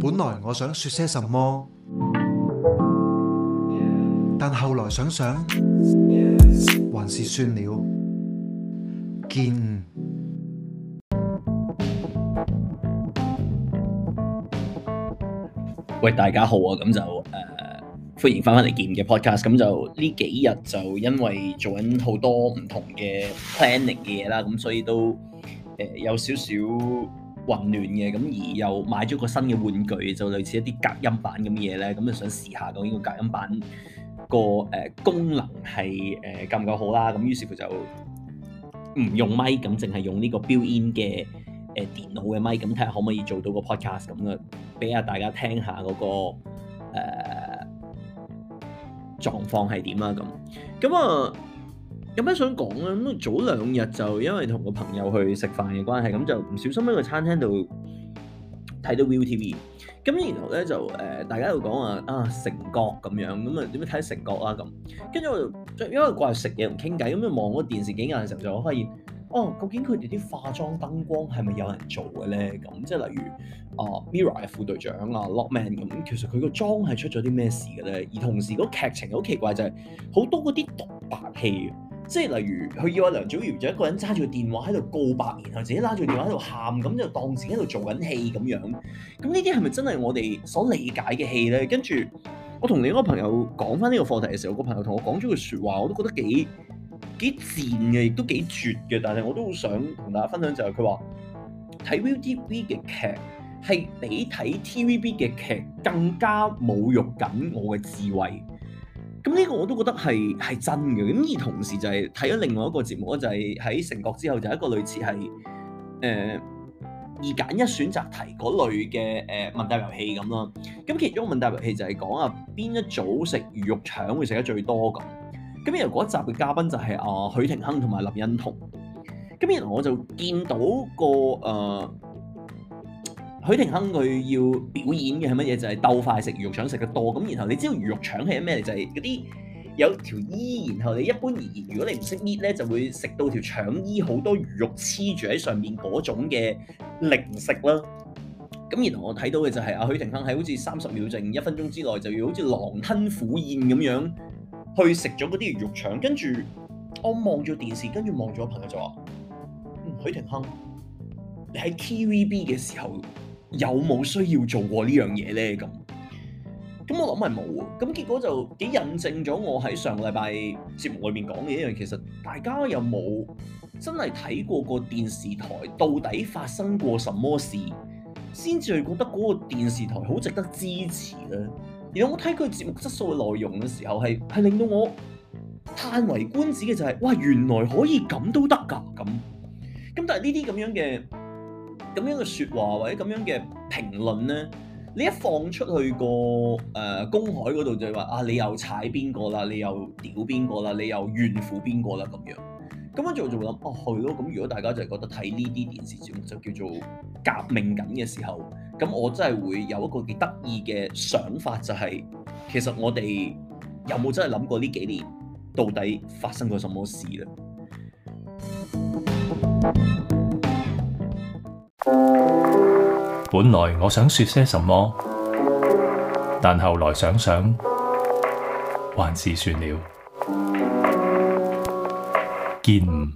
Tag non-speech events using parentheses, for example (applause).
本來我想說些什麼，但後來想想，還是算了。見，喂，大家好啊，咁就誒歡迎返返嚟 Ken 嘅 podcast，咁就呢幾日就因為做緊好多唔同嘅 planning 嘅嘢啦，咁所以都誒有少少。混亂嘅咁，而又買咗個新嘅玩具，就類似一啲隔音板咁嘅嘢咧，咁、嗯、就想試下講呢個隔音板個誒功能係誒、呃、夠唔夠好啦，咁、嗯、於是乎就唔用咪，咁淨係用呢個 built-in 嘅誒、呃、電腦嘅咪。咁睇下可唔可以做到個 podcast 咁、嗯、嘅，俾啊大家聽下嗰、那個誒、呃、狀況係點啊咁，咁啊～、嗯有咩想講咧？咁早兩日就因為同個朋友去食飯嘅關係，咁就唔小心喺個餐廳度睇到 ViuTV。咁然後咧就誒，大家又講話啊成角咁樣，咁啊點樣睇成角啊？咁跟住我就因為過嚟食嘢同傾偈，咁就望個電視幾眼嘅時候，就我發現哦、啊，究竟佢哋啲化妝燈光係咪有人做嘅咧？咁、啊、即係例如啊 Mira 嘅副隊長啊 Lockman 咁、啊，其實佢個妝係出咗啲咩事嘅咧？而同時嗰劇情好奇怪，就是，就係好多嗰啲獨白戲。即係例如，佢要阿梁祖堯就一個人揸住個電話喺度告白，然後自己拉住電話喺度喊，咁就當自己喺度做緊戲咁樣。咁呢啲係咪真係我哋所理解嘅戲咧？跟住我同另一個朋友講翻呢個課題嘅時候，個朋友同我講咗句説話，我都覺得幾幾賤嘅，亦都幾絕嘅。但係我都好想同大家分享就係佢話睇 ViuTV 嘅劇係比睇 TVB 嘅劇更加侮辱緊我嘅智慧。咁呢個我都覺得係係真嘅，咁而同時就係睇咗另外一個節目咯，就係、是、喺成國之後就一個類似係誒、呃、二揀一選擇題嗰類嘅誒問答遊戲咁咯。咁、呃、其中個問答遊戲就係講啊邊一組食魚肉腸會食得最多咁。咁然後嗰一集嘅嘉賓就係阿許廷鏗同埋林欣彤。咁然後我就見到個誒。啊許廷鏗佢要表演嘅係乜嘢？就係鬥快食魚肉腸食得多。咁然後你知道魚肉腸係咩？就係嗰啲有條衣，然後你一般而言，如果你唔識搣咧，就會食到條腸衣好多魚肉黐住喺上面嗰種嘅零食啦。咁然後我睇到嘅就係阿許廷鏗喺好似三十秒剩一分鐘之內就要好似狼吞虎咽咁樣去食咗嗰啲魚肉腸。跟住我望住電視，跟住望咗我朋友就話：嗯，許廷鏗你喺 TVB 嘅時候。有冇需要做過呢樣嘢呢？咁咁我諗係冇喎。咁結果就幾印證咗我喺上個禮拜節目裏面講嘅一樣，其實大家有冇真係睇過個電視台到底發生過什麼事，先至係覺得嗰個電視台好值得支持呢。然後我睇佢節目質素嘅內容嘅時候，係係令到我歎為觀止嘅就係、是，哇！原來可以咁都得㗎咁。咁但係呢啲咁樣嘅。咁樣嘅説話或者咁樣嘅評論呢，你一放出去個誒、呃、公海嗰度就係話啊，你又踩邊個啦，你又屌邊個啦，你又怨婦邊個啦咁樣。咁樣我就仲會諗，哦去咯。咁如果大家就係覺得睇呢啲電視節目就叫做革命緊嘅時候，咁我真係會有一個幾得意嘅想法，就係、是、其實我哋有冇真係諗過呢幾年到底發生過什麼事呢？ (music) 本來我想說些什麼，但後來想想，還是算了。見。